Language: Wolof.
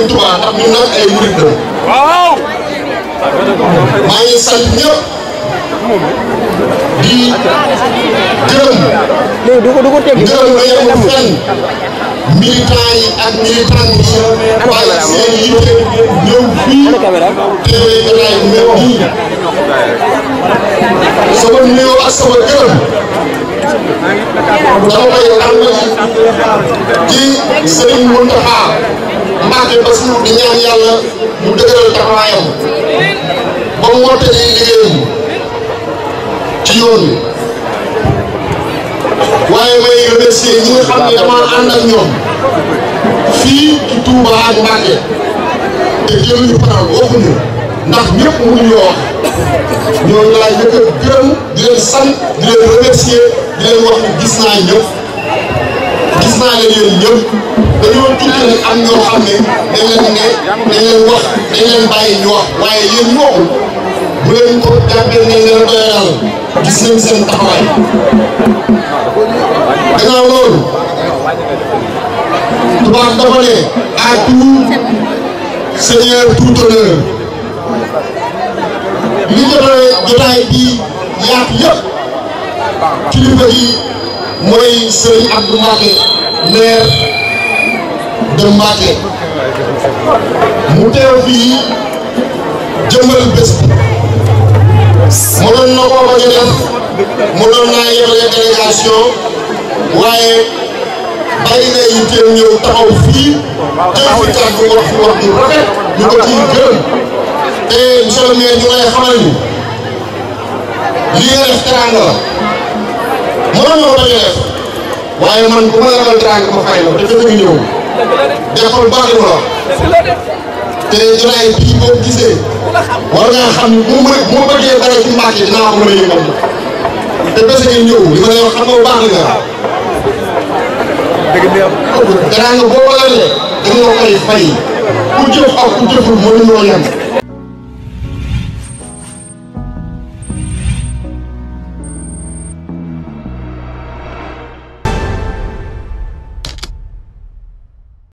Sëriñ Tuubaa ndax ñun nag ay murit la. waaw. maa ngi sant ñëpp di gërëm. léegi du ko du ko teg gërëm la yemul fenn militant yi ak militant yi. waaye seen yitte ñëw fii te lay ñëw fii. sama nuyoo ak sama gërëm. dama koy àndal ci Sëriñ Muntaxa présenté Bassirou di ñaan waaye may remercier ñi xam ne dama ànd ak ñoom fii ci Touba ak Mbacke te jëluñu parole waxuñu ndax ñëpp mënuñu wax ñooñu laay njëkk a di leen sant di leen remercier di leen wax gis naa ñëpp gis naa leen yéen dañoo tubaab dafa ne à tout seigneur li jotee jotaay bi yaatu yëpp kilifa yi mooy Serigne Abdou Mbacké maire. de Mbacké mu teew fii jëmbal bés bi mu doon na koo bañ a def mu waaye bàyyi na yi teel ñëw taxaw fii jël fi kàddu wax fi wax ju rafet ko ciy gërëm te monsieur ni li nga def teraanga la waaye man ku ma lebal teraanga ma fay la te day xam lu baax li mu la wax te jotaay bii boo gisee war ngaa xam ni mu ma bëggee dara ci mbàkk yi dinaa te bés ngeen ñëw li ma xam nga bu baax nga danaa nga boo walalee dañoo koy fay ku jëf ak ku jëful mënuñoo yem